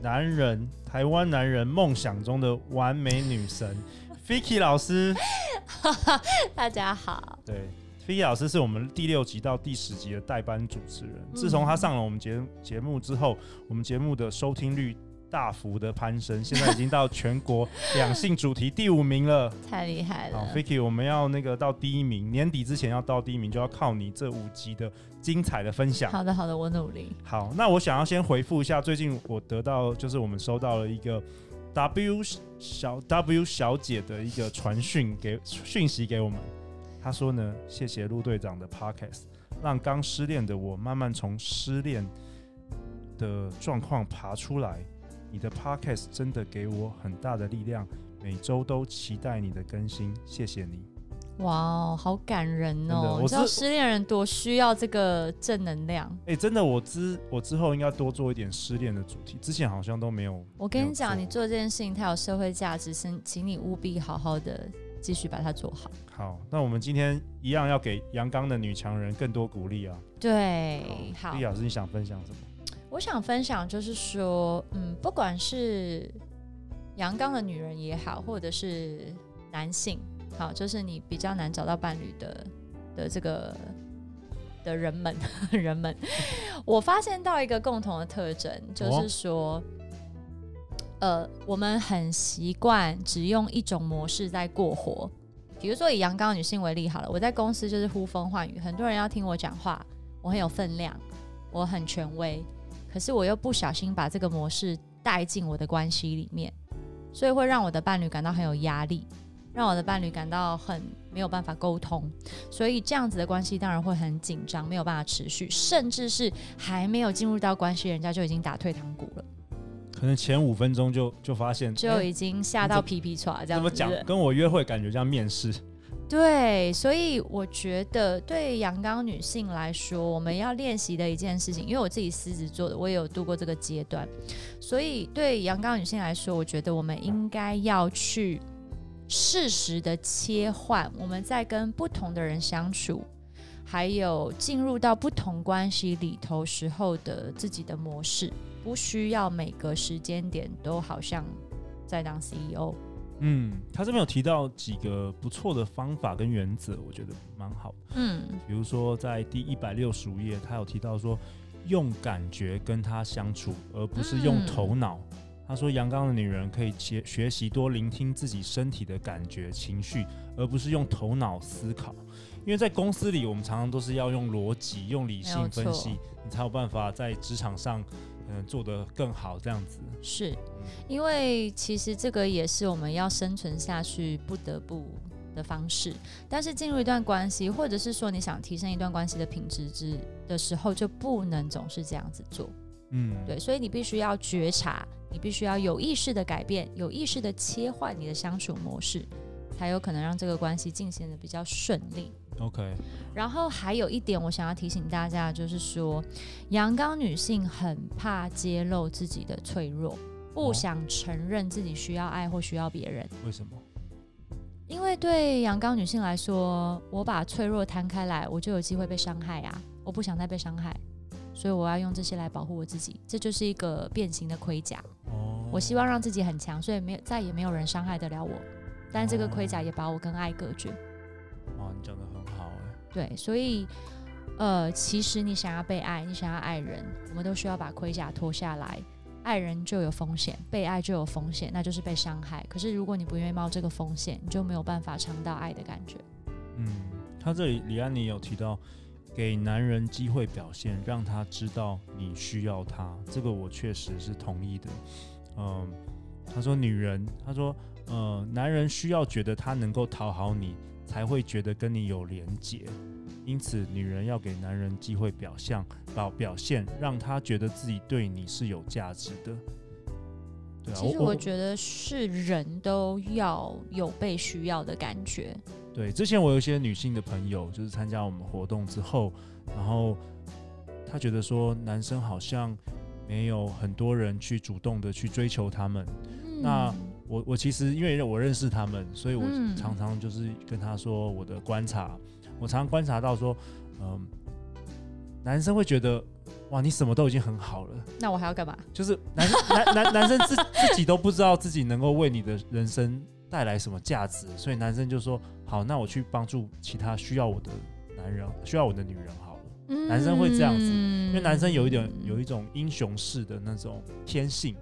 男人，台灣男人夢想中的完美女神，Vicky 老師 哈哈，大家好。對，Vicky 老師是我們第六集到第十集的代班主持人。嗯，自從他上了我們節節目之後，我們節目的收聽率大幅的攀升，現在已經到全國兩性主題第五名了，太厲害了。好，Vicky，我們要那個到第一名，年底之前要到第一名，就要靠你這五集的精彩的分享。好的，好的，我努力。好，那我想要先回復一下，最近我得到就是我們收到了一個 W 小 W 小姐的一個傳訊給訊息給我們，她說呢，謝謝陸隊長的 Podcast，讓剛失戀的我慢慢從失戀的狀況爬出來。你的 podcast 真的給我很大的力量，每週都期待你的更新，謝謝你。哇哦，好感人哦！我你知道失戀人多需要這個正能量。哎、欸，真的，我之我之後應該多做一點失戀的主題，之前好像都沒有。我跟你講，你做這件事情它有社會價值，請請你務必好好的繼續把它做好。好，那我們今天一樣要給陽剛的女強人更多鼓勵啊！對，好，李老師，你想分享什麼？我想分享就是說，嗯，不管是陽剛的女人也好，或者是男性，好，就是你比較難找到伴侶的的這個的人們，呵呵，人們，我發現到一個共同的特徵，哦？就是說，呃，我們很習慣只用一種模式在過活。比如說以陽剛女性為例，好了，我在公司就是呼風喚雨，很多人要聽我講話，我很有分量，我很權威。可是我又不小心把這個模式帶進我的關係裡面，所以會讓我的伴侶感到很有壓力，讓我的伴侶感到很沒有辦法溝通，所以這樣子的關係當然會很緊張，沒有辦法持續，甚至是還沒有進入到關係，人家就已經打退堂鼓了。可能前五分鐘就就發現就已經嚇到皮皮剉，嗯，這樣怎麼講，跟我約會感覺像面試。對，所以我覺得對陽剛女性來說，我們要練習的一件事情，因為我自己獅子座的，我也有度過這個階段，所以對陽剛女性來說，我覺得我們應該要去適時的切換，我們在跟不同的人相處，還有進入到不同關係裡頭時候的自己的模式，不需要每個時間點都好像在當 CEO。嗯，他這邊有提到幾個不錯的方法跟原則，我覺得蠻好的。嗯，比如說在第一百六十五頁，他有提到說，用感覺跟他相處，而不是用頭腦。嗯。他說，陽剛的女人可以學學習多聆聽自己身體的感覺、情緒，而不是用頭腦思考。因為在公司裡，我們常常都是要用邏輯、用理性分析，你才有辦法在職場上。嗯，做得更好這樣子，是因為其實這個也是我們要生存下去不得不的方式。但是進入一段關係，或者是說你想提升一段關係的品質之的時候，就不能總是這樣子做。嗯，對，所以你必須要覺察，你必須要有意識的改變，有意識的切換你的相處模式，才有可能讓這個關係進行得比較順利。OK，然後還有一點，我想要提醒大家，就是說，陽剛女性很怕揭露自己的脆弱，不想承認自己需要愛或需要別人。為什麼？因為對陽剛女性來說，我把脆弱攤開來，我就有機會被傷害啊！我不想再被傷害，所以我要用這些來保護我自己，這就是一個變形的盔甲。Oh. 我希望讓自己很強，所以沒有再也沒有人傷害得了我，但這個盔甲也把我跟愛隔絕。哇，你講得很好、欸、對，所以，呃，其實你想要被愛，你想要愛人，我們都需要把盔甲脫下來。愛人就有風險，被愛就有風險，那就是被傷害。可是，如果你不願意冒這個風險，你就沒有辦法嘗到愛的感覺。嗯，他這裡李安妮有提到，給男人機會表現，讓他知道你需要他，這個我確實是同意的。嗯、呃，他說女人，他說，呃，男人需要覺得他能夠討好你。才會覺得跟你有連結，因此女人要給男人機會表現、表表現，讓他覺得自己對你是有價值的。對啊，其實我覺得是人都要有被需要的感覺。哦，對，之前我有一些女性的朋友，就是參加我們活動之後，然後她覺得說，男生好像沒有很多人去主動的去追求他們。嗯，那我我其實因為我認識他們，所以我常常就是跟他說我的觀察，嗯、我常常觀察到說，嗯、呃，男生會覺得，哇，你什麼都已經很好了，那我還要幹嘛？就是男男 男男，男生自自己都不知道自己能夠為你的人生帶來什麼價值，所以男生就說，好，那我去幫助其他需要我的男人，需要我的女人好了。嗯、男生會這樣子，因為男生有一點有一種英雄式的那種天性。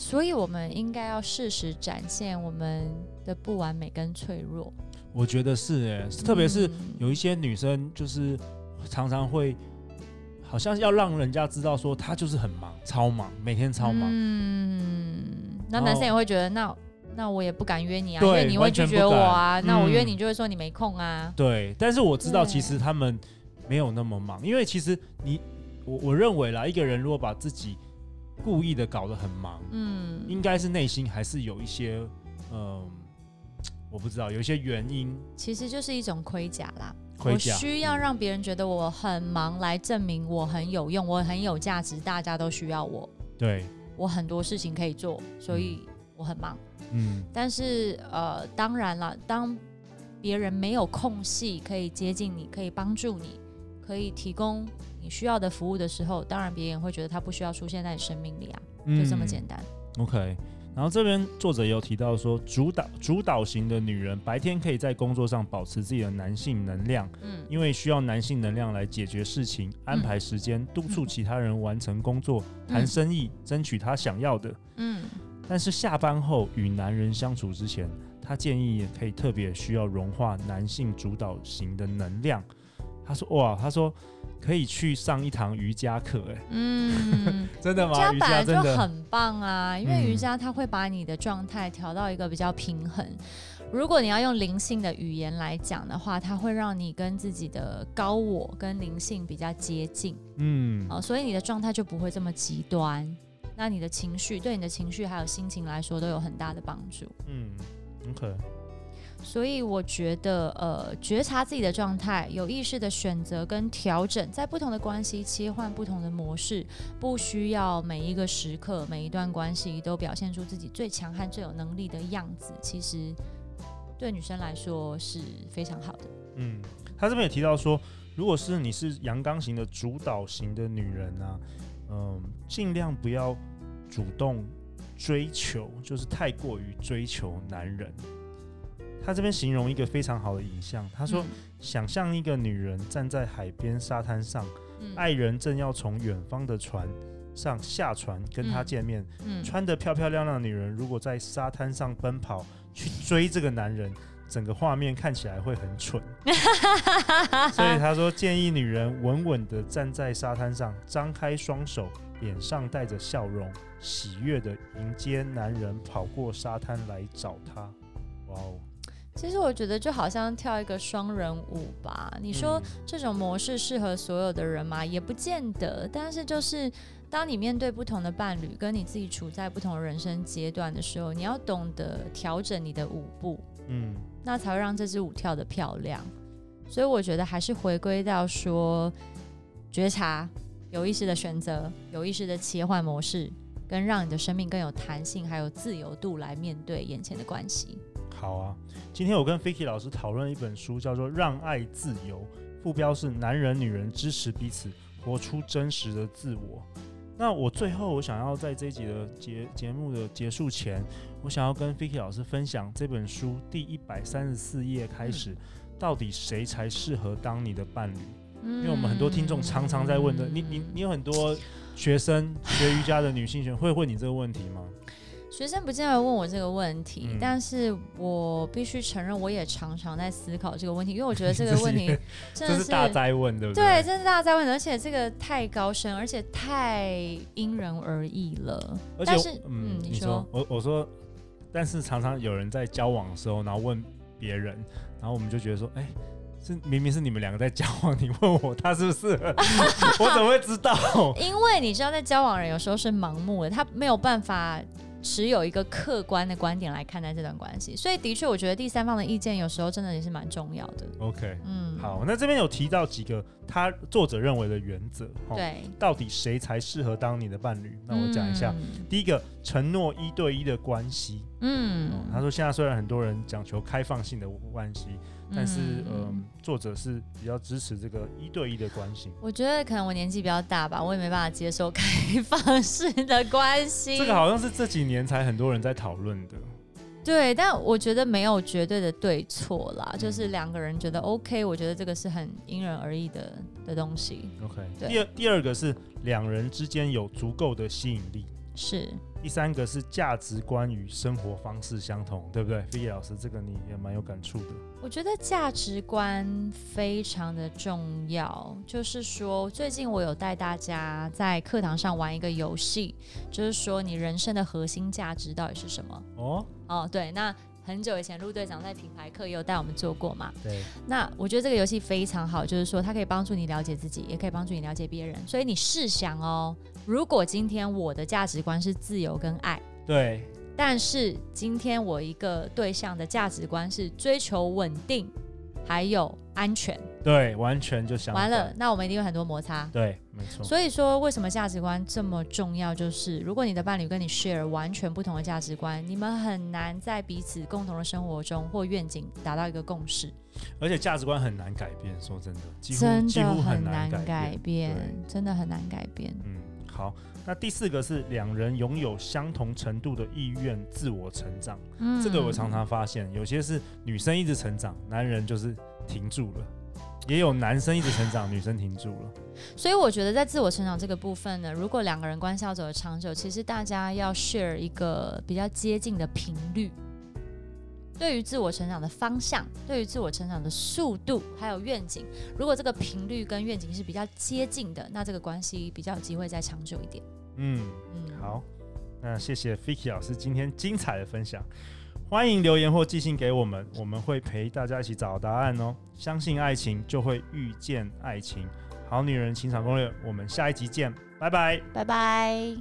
所以，我們應該要適時展現我們的不完美跟脆弱。我覺得是哎，特別是有一些女生，就是常常會，好像要讓人家知道說她就是很忙，超忙，每天超忙。嗯，那男生也會覺得，那那我也不敢約你啊，對，因為你會拒絕我啊。那我約你就會說你沒空啊。嗯，對，但是我知道其實他們沒有那麼忙，因為其實你我我認為啦，一個人如果把自己。故意的搞得很忙，嗯，應該是內心還是有一些，嗯、呃，我不知道，有一些原因，其實就是一種盔甲啦。盔甲，我需要讓別人覺得我很忙，來證明我很有用，嗯、我很有價值，大家都需要我。對，我很多事情可以做，所以我很忙。嗯，但是呃，當然了，當別人沒有空隙可以接近你，可以幫助你。可以提供你需要的服務的時候，當然別人會覺得他不需要出現在你生命裡啊，嗯、就這麼簡單。OK，然後這邊作者也有提到說，主導主導型的女人白天可以在工作上保持自己的男性能量，嗯，因為需要男性能量來解決事情、嗯、安排時間、督促其他人完成工作、談生意、嗯、嗯、爭取她想要的，嗯。但是下班後與男人相處之前，他建議也可以特別需要融化男性主導型的能量。他說哇，他說可以去上一堂瑜伽課，哎，嗯， 真的嗎？瑜伽本來就很棒啊，嗯，因為瑜伽它會把你的狀態調到一個比較平衡。如果你要用靈性的語言來講的話，它會讓你跟自己的高我跟靈性比較接近，嗯，哦，呃，所以你的狀態就不會這麼極端。那你的情緒，對你的情緒還有心情來說，都有很大的幫助。嗯，OK。所以我覺得，呃，覺察自己的狀態，有意識的選擇跟調整，在不同的關係切換不同的模式，不需要每一個時刻、每一段關係都表現出自己最強悍、最有能力的樣子。其實，對女生來說是非常好的。嗯，他這邊也提到說，如果是你是陽剛型的主導型的女人呢、啊？嗯、呃，盡量不要主動追求，就是太過於追求男人。他這邊形容一個非常好的影像，他說：嗯，想象一個女人站在海邊沙灘上，嗯，愛人正要從遠方的船上下船跟她見面，嗯嗯。穿得漂漂亮亮的女人如果在沙灘上奔跑去追這個男人，整個畫面看起來會很蠢。 所以他說建議女人穩穩地站在沙灘上，張開雙手，臉上帶着笑容，喜悅地迎接男人跑過沙灘來找她。哇哦！其實我覺得就好像跳一個雙人舞吧。你說這種模式適合所有的人嗎？嗯。也不見得。但是就是當你面對不同的伴侶，跟你自己處在不同的人生階段的時候，你要懂得調整你的舞步，嗯，那才會讓這支舞跳得漂亮。所以我覺得還是回歸到說，覺察、有意識的選擇、有意識的切換模式，跟讓你的生命更有彈性，還有自由度來面對眼前的關係。好啊，今天我跟 Vicky 老師討論一本書，叫做《讓愛自由》，副標是“男人女人支持彼此，活出真實的自我”。那我最後我想要在這集的節節目的結束前，我想要跟 Vicky 老師分享這本書第一百三十四頁開始，嗯、到底誰才適合當你的伴侶、嗯？因為我們很多聽眾常常在問的，嗯、你你你有很多學生 學瑜伽的女性學會問你這個問題嗎？學生不見得問我這個問題，嗯、但是我必須承認，我也常常在思考這個問題，因為我覺得這個問題真的是，是大哉問，對不對？對，真是大哉問，而且這個太高深，而且太因人而異了。而且，但是嗯，嗯，你說，你說我我說，但是常常有人在交往的時候，然後問別人，然後我們就覺得說，哎、欸，是明明是你們兩個在交往，你問我他是不是？ 我怎麼會知道？ 因為你知道，在交往的人有時候是盲目的，他沒有辦法。持有一個客觀的觀點來看待這段關係，所以的確，我覺得第三方的意見有時候真的也是蠻重要的。OK，嗯，好，那這邊有提到幾個他作者認為的原則，哦，對，到底誰才適合當你的伴侶？那我講一下，嗯，第一個，承諾一對一的關係。嗯，他說現在雖然很多人講求開放性的關係，嗯，但是嗯，呃，作者是比較支持這個一對一的關係。我覺得可能我年紀比較大吧，我也沒辦法接受開放式的關係。這個好像是這幾年才很多人在討論的。對，但我覺得沒有絕對的對錯啦，就是兩個人覺得 OK，我覺得這個是很因人而異的的東西。OK，第二第二個是兩人之間有足夠的吸引力。是，第三個是價值觀與生活方式相同，對不對？Vicky 老師，這個你也蠻有感觸的。我覺得價值觀非常的重要，就是說，最近我有帶大家在課堂上玩一個遊戲，就是說，你人生的核心價值到底是什麼？哦哦，對，那。很久以前，路隊長在品牌課也有帶我們做過嘛？對。那我覺得這個遊戲非常好，就是說，它可以幫助你了解自己，也可以幫助你了解別人。所以你試想哦，如果今天我的價值觀是自由跟愛，對。但是今天我一個對象的價值觀是追求穩定，還有安全。對，完全就相反。完了，那我們一定有很多摩擦。對，沒錯。所以說，為什麼價值觀這麼重要？就是如果你的伴侶跟你 share 完全不同的價值觀，你們很難在彼此共同的生活中或願景達到一個共識。而且價值觀很難改變，說真的，真的幾乎很難改變，改變，真的很難改變。嗯，好。那第四個是兩人擁有相同程度的意願自我成長。嗯。這個我常常發現，有些是女生一直成長，男人就是停住了。也有男生一直成長，女生停住了。所以我覺得，在自我成長這個部分呢，如果兩個人關係要走得長久，其實大家要 share 一個比較接近的頻率。對於自我成長的方向，對於自我成長的速度，還有願景，如果這個頻率跟願景是比較接近的，那這個關係比較有機會再長久一點。嗯嗯，好，那謝謝 Vicky 老師今天精彩的分享。歡迎留言或寄信給我們，我們會陪大家一起找答案哦。相信愛情就會遇見愛情，好女人情場攻略，我們下一集見，拜拜，拜拜。